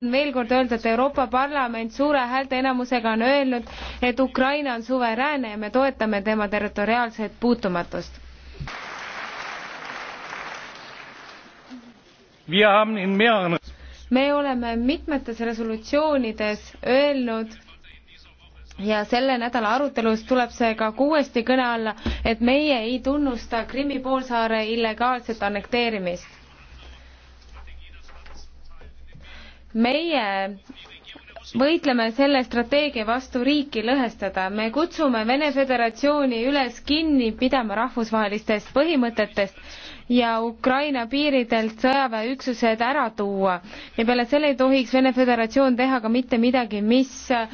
veel kord öelda, et Euroopa Parlament suure häälteenamusega on öelnud, et Ukraina on suveräänne ja me toetame tema territoriaalset puutumatust. me oleme mitmetes resolutsioonides öelnud ja selle nädala arutelus tuleb see ka uuesti kõne alla, et meie ei tunnusta Krimmi poolsaare illegaalset annekteerimist meie võitleme selle strateegia vastu riiki lõhestada. me kutsume Vene Föderatsiooni üles kinni pidama rahvusvahelistest põhimõtetest ja Ukraina piiridelt sõjaväeüksused ära tuua. ja peale selle ei tohiks Vene Föderatsioon teha ka mitte midagi, mis äh,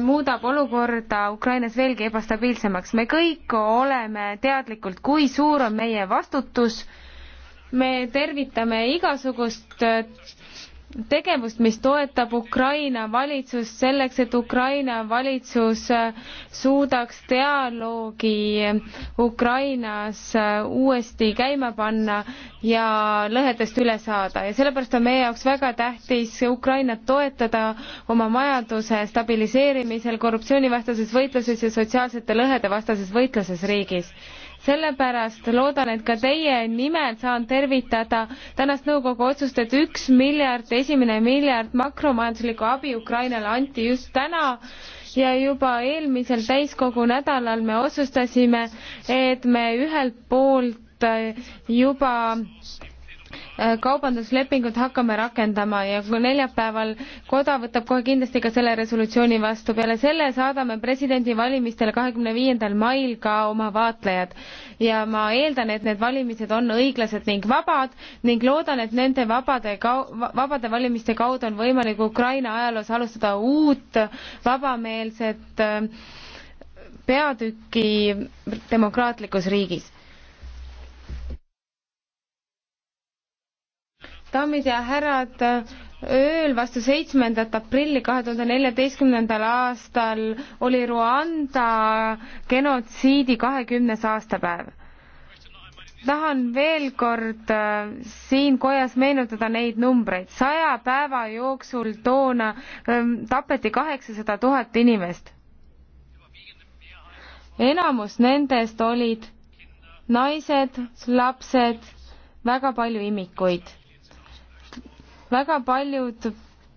muudab olukorda Ukrainas veelgi ebastabiilsemaks. me kõik oleme teadlikud, kui suur on meie vastutus. me tervitame igasugust äh, tegevust, mis toetab Ukraina valitsust selleks, et Ukraina valitsus äh, suudaks dialoogi Ukrainas äh, uuesti käima panna ja lõhedest üle saada ja sellepärast on meie jaoks väga tähtis Ukrainat toetada oma majanduse stabiliseerimisel, korruptsioonivastases võitluses ja sotsiaalsete lõhede vastases võitluses riigis sellepärast loodan, et ka teie nimel saan tervitada tänast nõukogu otsust, et üks miljard, esimene miljard makromajanduslikku abi Ukrainale anti just täna ja juba eelmisel täiskogu nädalal me otsustasime, et me ühelt poolt juba Äh, kaubanduslepingut hakkame rakendama ja kui neljapäeval koda võtab kohe kindlasti ka selle resolutsiooni vastu, peale selle saadame presidendivalimistele kahekümne viiendal mail ka oma vaatlejad. ja ma eeldan, et need valimised on õiglased ning vabad ning loodan, et nende vabade, vabade valimiste kaudu on võimalik Ukraina ajaloos alustada uut vabameelset äh, peatüki demokraatlikus riigis daamid ja härrad, ööl vastu seitsmendat aprilli kahe tuhande neljateistkümnendal aastal oli Rwanda genotsiidi kahekümnes aastapäev. tahan veel kord äh, siin kojas meenutada neid numbreid. saja päeva jooksul toona ähm, tapeti kaheksasada tuhat inimest. enamus nendest olid naised, lapsed, väga palju imikuid väga paljud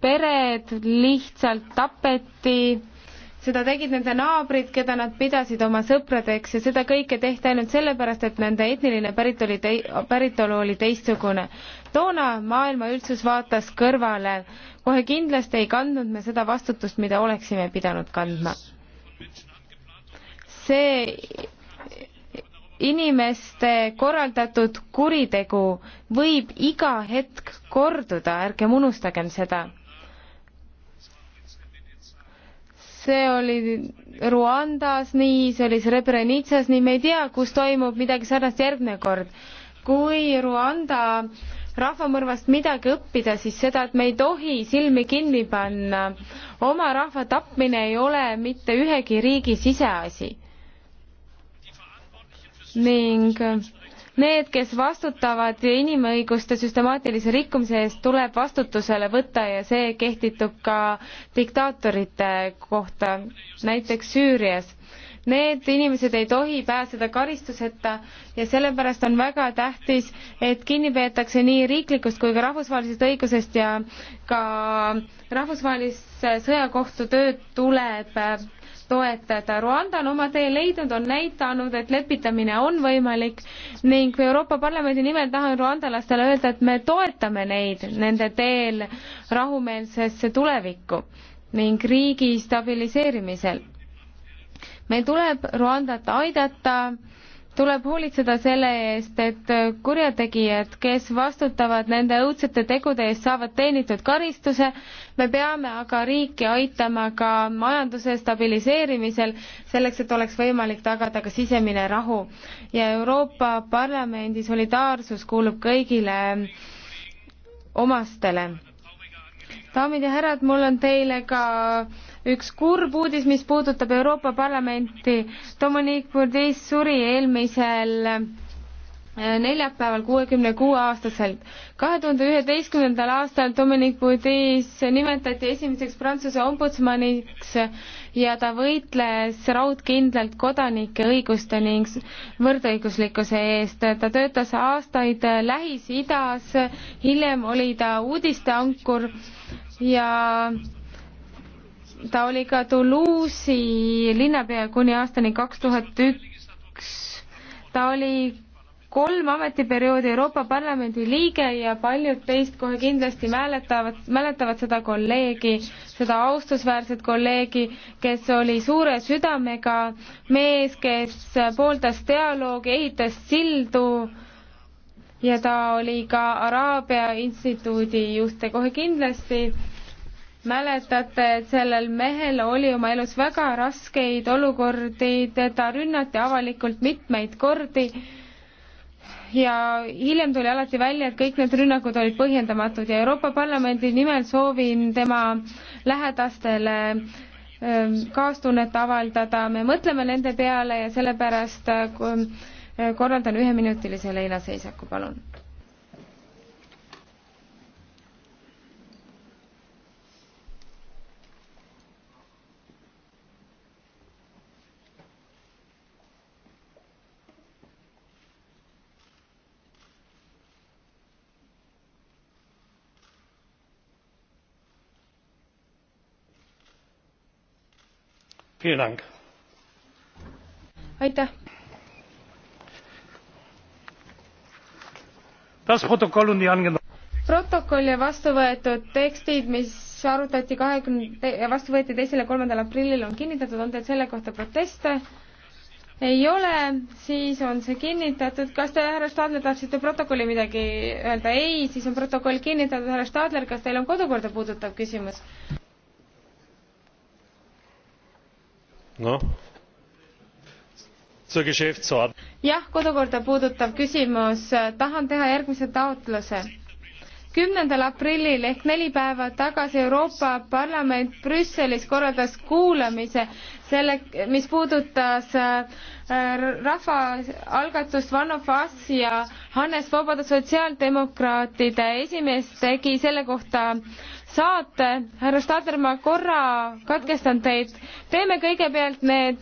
pered lihtsalt tapeti, seda tegid nende naabrid, keda nad pidasid oma sõpradeks ja seda kõike tehti ainult sellepärast, et nende etniline päritolu, päritolu oli teistsugune. toona maailma üldsus vaatas kõrvale, kohe kindlasti ei kandnud me seda vastutust, mida oleksime pidanud kandma see inimeste korraldatud kuritegu võib iga hetk korduda, ärgem unustagem seda. see oli Ruandas nii, see oli Srebrenitsas nii, me ei tea, kus toimub midagi sarnast järgmine kord. kui Ruanda rahvamõrvast midagi õppida, siis seda, et me ei tohi silmi kinni panna. oma rahva tapmine ei ole mitte ühegi riigi siseasi ning need, kes vastutavad inimõiguste süstemaatilise rikkumise eest, tuleb vastutusele võtta ja see kehtitub ka diktaatorite kohta, näiteks Süürias. Need inimesed ei tohi pääseda karistuseta ja sellepärast on väga tähtis, et kinni peetakse nii riiklikust kui ka rahvusvahelisest õigusest ja ka rahvusvahelise sõjakohtu tööd tuleb toetada. Rwanda on oma tee leidnud, on näidanud, et lepitamine on võimalik ning Euroopa Parlamendi nimel tahan rwandalastele öelda, et me toetame neid nende teel rahumeelsesse tulevikku ning riigi stabiliseerimisel. meil tuleb Rwandat aidata tuleb hoolitseda selle eest, et kurjategijad, kes vastutavad nende õudsete tegude eest, saavad teenitud karistuse. me peame aga riiki aitama ka majanduse stabiliseerimisel, selleks et oleks võimalik tagada ka sisemine rahu. ja Euroopa Parlamendi solidaarsus kuulub kõigile omastele. daamid ja härrad, mul on teile ka üks kurb uudis, mis puudutab Euroopa Parlamenti. Dominique Bourdais suri eelmisel äh, neljapäeval kuuekümne kuue aastaselt. kahe tuhande üheteistkümnendal aastal Dominic Boudis nimetati esimeseks Prantsuse ombudsmaniks ja ta võitles raudkindlalt kodanike õiguste ning võrdõiguslikkuse eest. ta töötas aastaid Lähis-Idas, hiljem oli ta uudisteankur ja ta oli ka Toulouse'i linnapea kuni aastani kaks tuhat üks. ta oli kolm ametiperioodi Euroopa Parlamendi liige ja paljud teist kohe kindlasti mäletavad, mäletavad seda kolleegi, seda austusväärset kolleegi, kes oli suure südamega mees, kes pooldas dialoogi, ehitas sildu ja ta oli ka Araabia instituudi juht ja kohe kindlasti mäletate, et sellel mehel oli oma elus väga raskeid olukordi, teda rünnati avalikult mitmeid kordi ja hiljem tuli alati välja, et kõik need rünnakud olid põhjendamatud ja Euroopa Parlamendi nimel soovin tema lähedastele ähm, kaastunnet avaldada, me mõtleme nende peale ja sellepärast äh, korraldan üheminutilise leinaseisaku, palun aitäh! protokoll ja vastu võetud tekstid mis arutati kahekümne ja vastu võeti teisel ja kolmandal aprillil on kinnitatud on teil selle kohta proteste ei ole siis on see kinnitatud kas te härra Stadler tahtsite protokolli midagi öelda ei siis on protokoll kinnitatud härra Stadler kas teil on kodukorda puudutav küsimus? noh jah kodukorda puudutav küsimus tahan teha järgmise taotluse kümnendal aprillil ehk neli päeva tagasi Euroopa Parlament Brüsselis korraldas kuulamise selle, mis puudutas äh, rahvaalgatust Vanno Fass ja Hannes Vabada sotsiaaldemokraatide esimees tegi selle kohta äh, saate. härra Stadler, ma korra katkestan teid. teeme kõigepealt need